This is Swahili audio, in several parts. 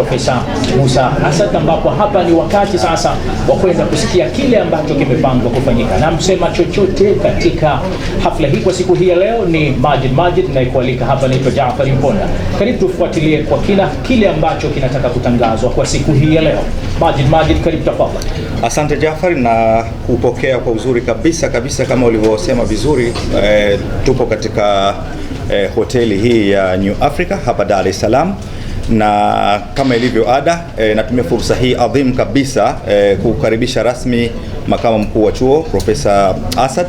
Profesa Musa Asad, ambapo hapa ni wakati sasa wa kwenda kusikia kile ambacho kimepangwa kufanyika. Na msema chochote katika hafla hii kwa siku hii ya leo ni Majid Majid, nayekualika hapa naitwa Jaafar Mponda. Karibu tufuatilie kwa kina kile ambacho kinataka kutangazwa kwa siku hii ya leo. Majid Majid, karibu tafadhali. Asante Jaafar, na kupokea kwa uzuri kabisa kabisa, kama ulivyosema vizuri. Eh, tupo katika eh, hoteli hii ya New Africa hapa Dar es Salaam na kama ilivyo ada e, natumia fursa hii adhimu kabisa e, kukaribisha rasmi makamu mkuu wa chuo Profesa Asad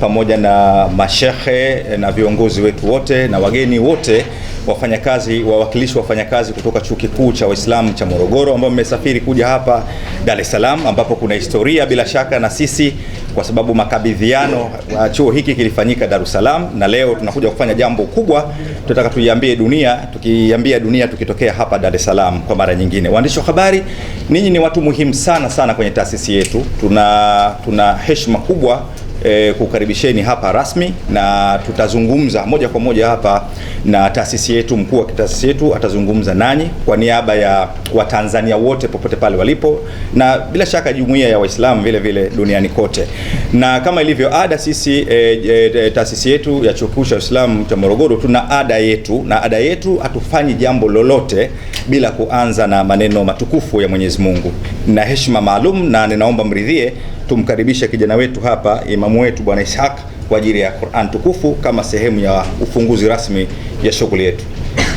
pamoja na mashehe na viongozi wetu wote na wageni wote wafanyakazi wawakilishi wafanyakazi kutoka Chuo Kikuu cha Waislamu cha Morogoro ambao mmesafiri kuja hapa Dar es Salaam, ambapo kuna historia bila shaka na sisi, kwa sababu makabidhiano uh, chuo hiki kilifanyika Dar es Salaam, na leo tunakuja kufanya jambo kubwa, tunataka tuiambie dunia, tukiambia dunia tukitokea hapa Dar es Salaam kwa mara nyingine. Waandishi wa habari, ninyi ni watu muhimu sana sana kwenye taasisi yetu, tuna tuna heshima kubwa e, kukaribisheni hapa rasmi, na tutazungumza moja kwa moja hapa na taasisi yetu, mkuu wa taasisi yetu atazungumza nanyi kwa niaba ya Watanzania wote popote pale walipo, na bila shaka jumuiya ya Waislamu vile vile duniani kote. Na kama ilivyo ada, sisi e, e, taasisi yetu ya Chuo Kikuu cha Uislamu cha Morogoro tuna ada yetu, na ada yetu hatufanyi jambo lolote bila kuanza na maneno matukufu ya Mwenyezi Mungu na heshima maalum, na ninaomba mridhie tumkaribishe kijana wetu hapa, imamu wetu Bwana Ishaq kwa ajili ya Qur'an tukufu kama sehemu ya ufunguzi rasmi ya shughuli yetu.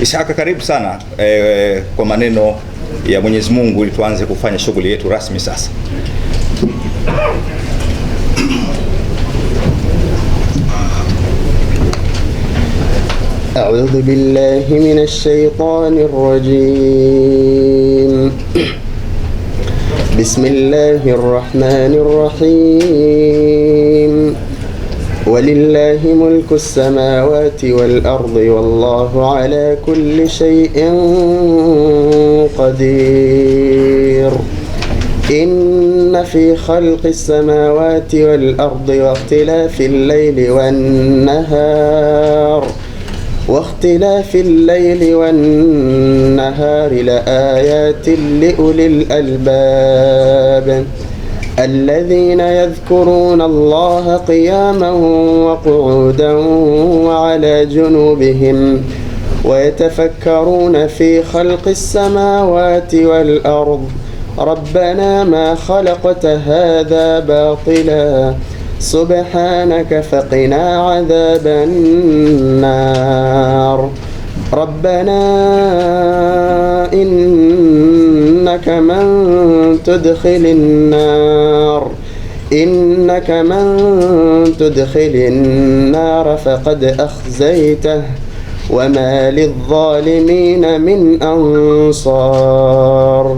Ishaq, karibu sana e, kwa maneno ya Mwenyezi Mungu ili tuanze kufanya shughuli yetu rasmi sasa. A'udhu billahi minash shaitani rrajim بسم الله الرحمن الرحيم ولله ملك السماوات والأرض والله على كل شيء قدير إن في خلق السماوات والأرض واختلاف الليل والنهار واختلاف الليل والنهار لآيات لأولي الألباب الذين يذكرون الله قياما وقعودا وعلى جنوبهم ويتفكرون في خلق السماوات والأرض ربنا ما خلقت هذا باطلاً سبحانك فقنا عذاب النار ربنا إنك من تدخل النار إنك من تدخل النار فقد أخزيته وما للظالمين من أنصار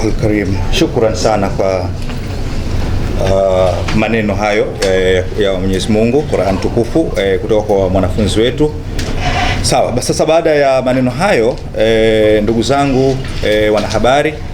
Allahul Karim. Shukran sana kwa uh, maneno hayo eh, ya Mwenyezi Mungu Qur'an tukufu eh, kutoka kwa mwanafunzi wetu. Sawa, basi sasa baada ya maneno hayo eh, ndugu zangu eh, wanahabari